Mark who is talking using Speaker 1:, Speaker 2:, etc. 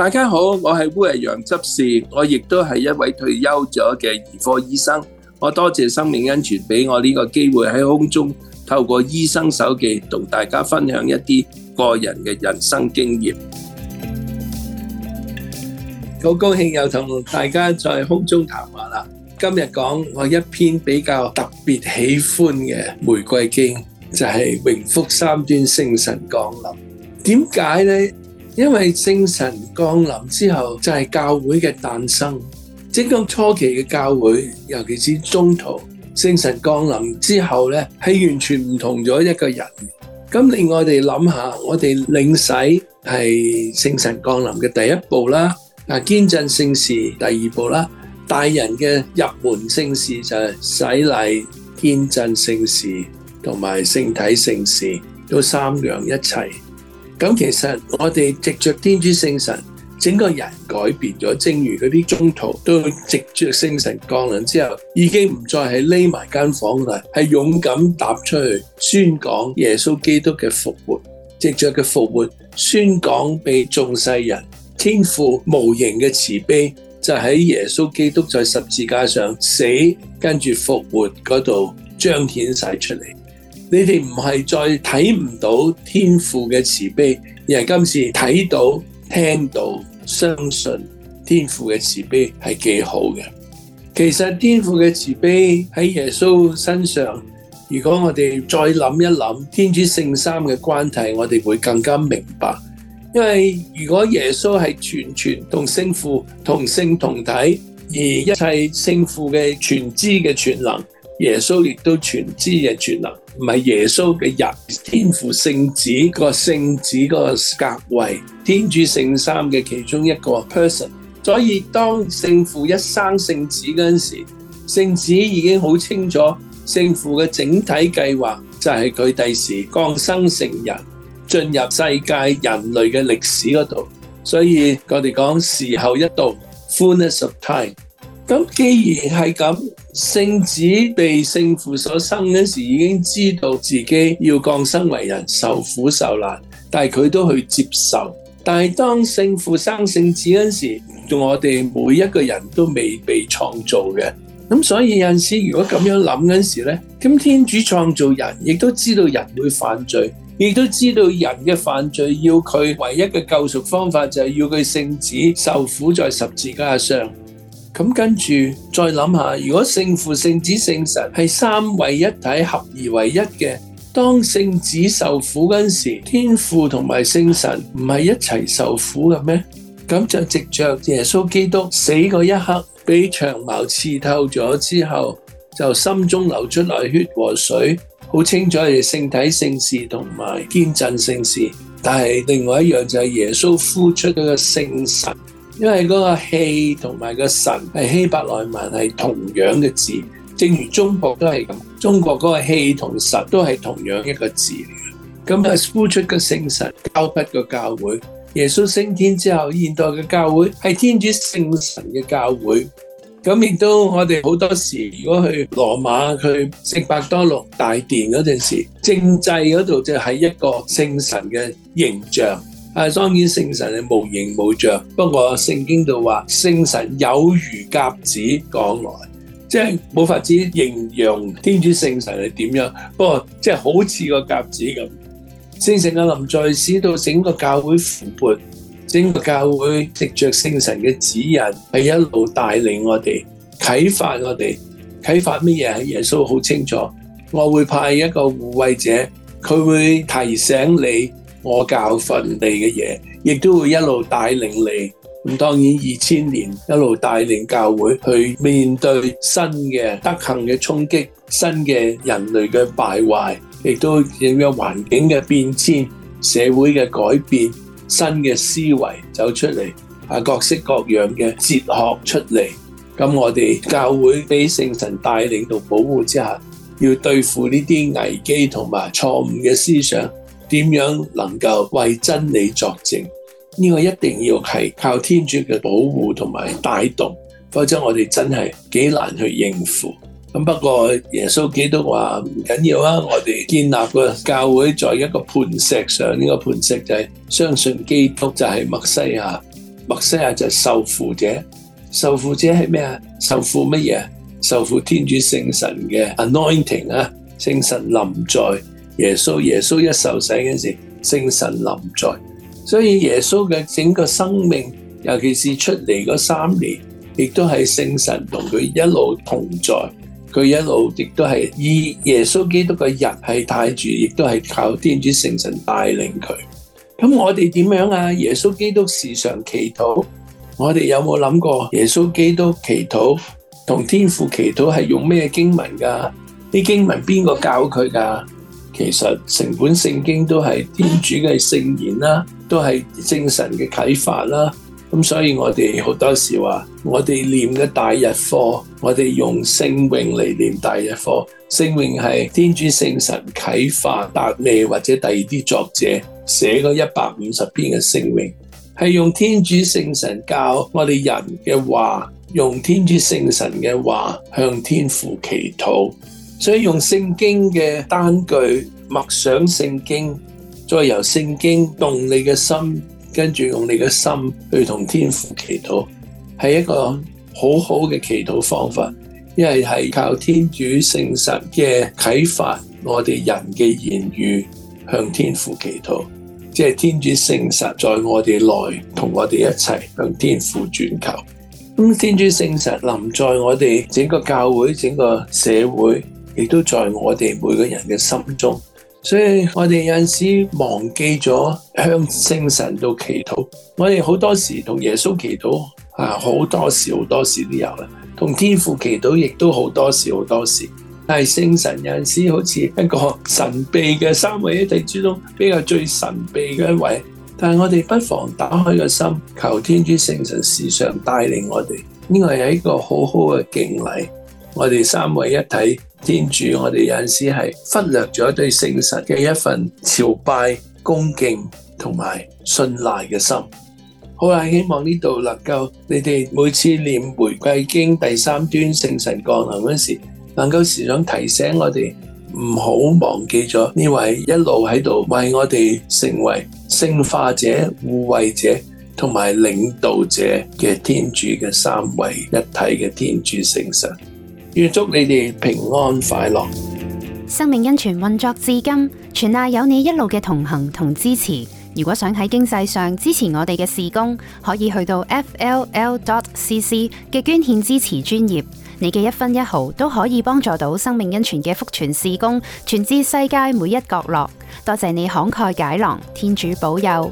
Speaker 1: 大家好，我係烏羊執事，我亦都係一位退休咗嘅兒科醫生。我多謝生命恩泉俾我呢個機會喺空中透過醫生手記同大家分享一啲個人嘅人生經驗。好高興又同大家在空中談話啦。今日講我一篇比較特別喜歡嘅玫瑰經，就係榮福三端聖神降臨。點解呢？因為聖神降臨之後就係教會嘅誕生，整個初期嘅教會，尤其是中途聖神降臨之後咧，係完全唔同咗一個人。咁令我哋諗下，我哋領洗係聖神降臨嘅第一步啦，啊，堅振聖事第二步啦，大人嘅入門聖事就係洗禮、堅振聖事同埋聖體聖事，都三樣一齊。咁其實我哋藉著天主聖神，整個人改變咗，正如嗰啲宗徒都藉著聖神降臨之後，已經唔再係匿埋間房度，係勇敢踏出去宣講耶穌基督嘅復活，藉著嘅復活宣講俾眾世人，天父無形嘅慈悲就喺耶穌基督在十字架上死跟住復活嗰度彰顯晒出嚟。你哋唔係再睇唔到天父嘅慈悲，而係今次睇到、聽到、相信天父嘅慈悲係幾好嘅。其實天父嘅慈悲喺耶穌身上，如果我哋再諗一諗天主聖三嘅關係，我哋會更加明白。因為如果耶穌係全全同聖父同性同體，而一切聖父嘅全知嘅全能。耶穌亦都全知嘅全能，唔係耶穌嘅人。是天父聖子個聖子個格位，天主聖三嘅其中一個 person。所以當聖父一生聖子嗰陣時，聖子已經好清楚聖父嘅整體計劃，就係佢第時降生成人，進入世界人類嘅歷史嗰度。所以我哋講時候一度，fullness of time。咁既然係咁，聖子被聖父所生嗰時，已經知道自己要降生為人，受苦受難，但係佢都去接受。但係當聖父生聖子嗰時，我哋每一個人都未被創造嘅，咁所以有陣時如果咁樣諗嗰時咧，咁天主創造人，亦都知道人會犯罪，亦都知道人嘅犯罪要佢唯一嘅救贖方法就係要佢聖子受苦在十字架上。咁跟住再諗下，如果聖父、聖子、聖神係三位一體合二為一嘅，當聖子受苦嗰時，天父同埋聖神唔係一齊受苦嘅咩？咁就藉着耶穌基督死嗰一刻，被長矛刺透咗之後，就心中流出來血和水，好清楚係聖體聖事同埋堅振聖事，但係另外一樣就係耶穌呼出佢嘅聖神。因為嗰個氣同埋個神係希伯來文係同樣嘅字，正如中國都係咁，中國嗰個氣同神都係同樣一個字嚟嘅。咁啊，呼出個聖神交畀個教會。耶穌升天之後，現代嘅教會係天主聖神嘅教會。咁亦都我哋好多時，如果去羅馬去聖伯多祿大殿嗰陣時，政制嗰度就係一個聖神嘅形象。啊，當然聖神係無形無象。不過聖經度話聖神有如鴿子降來，即係冇法子形容天主聖神係點樣，不過即係好似個鴿子咁，聖神嘅臨在使到整個教會扶撥，整個教會藉着聖神嘅指引係一路帶領我哋，啟發我哋，啟發乜嘢？耶穌好清楚，我會派一個護衛者，佢會提醒你。我教訓你嘅嘢，亦都會一路帶領你。咁當然二千年一路帶領教會去面對新嘅德行嘅衝擊，新嘅人類嘅敗壞，亦都會影響環境嘅變遷、社會嘅改變、新嘅思維走出嚟啊！各式各樣嘅哲學出嚟，咁我哋教會俾聖神帶領同保護之下，要對付呢啲危機同埋錯誤嘅思想。點樣能夠為真理作證？呢個一定要係靠天主嘅保護同埋帶動，否則我哋真係幾難去應付。咁不過耶穌基督話唔緊要啊！我哋建立個教會在一個磐石上，呢個磐石就係相信基督就係默西亞，默西亞就係受傅者，受傅者係咩啊？受傅乜嘢？受傅天主聖神嘅 anointing 啊，聖神臨在。耶穌耶穌一受洗嘅時候，聖神臨在，所以耶穌嘅整個生命，尤其是出嚟嗰三年，亦都係聖神同佢一路同在。佢一路亦都係以耶穌基督嘅日係帶住，亦都係靠天主聖神帶領佢。咁我哋點樣啊？耶穌基督時常祈禱，我哋有冇諗過耶穌基督祈禱同天父祈禱係用咩經文㗎？啲經文邊個教佢㗎？其實成本聖經都係天主嘅聖言啦，都係聖神嘅啟發啦。咁所以我哋好多時話，我哋念嘅大日課，我哋用聖詠嚟念大日課。聖詠係天主聖神啟發達味或者第二啲作者寫嗰一百五十篇嘅聖詠，係用天主聖神教我哋人嘅話，用天主聖神嘅話向天父祈禱。所以用聖經嘅單句默想聖經，再由聖經動你嘅心，跟住用你嘅心去同天父祈禱，係一個好好嘅祈禱方法。因為係靠天主聖神嘅啟發，我哋人嘅言語向天父祈禱，即係天主聖神在我哋內同我哋一齊向天父轉求。咁、嗯、天主聖神臨在我哋整個教會、整個社會。亦都在我哋每個人嘅心中，所以我哋有陣時忘記咗向聖神度祈禱。我哋好多時同耶穌祈禱啊，好多時好多時都有啦。同天父祈禱亦都好多時好多時。但係聖神有陣時好似一個神秘嘅三位一體之中比較最神秘嘅一位。但係我哋不妨打開個心，求天主聖神時常帶領我哋。呢個係一個很好好嘅敬禮。我哋三位一體天主，我哋有陣時係忽略咗對聖神嘅一份朝拜、恭敬同埋信賴嘅心。好啦，希望呢度能夠你哋每次念玫瑰經第三端聖神降臨嗰時候，能夠時常提醒我哋唔好忘記咗呢位一路喺度為我哋成為聖化者、護衛者同埋領導者嘅天主嘅三位一體嘅天主聖神。預祝你哋平安快樂。生命恩泉運作至今，全賴有你一路嘅同行同支持。如果想喺經濟上支持我哋嘅事工，可以去到 fll.cc 嘅捐獻支持專業。你嘅一分一毫都可以幫助到生命恩泉嘅福傳事工，傳至世界每一角落。多謝你慷慨解囊，天主保佑。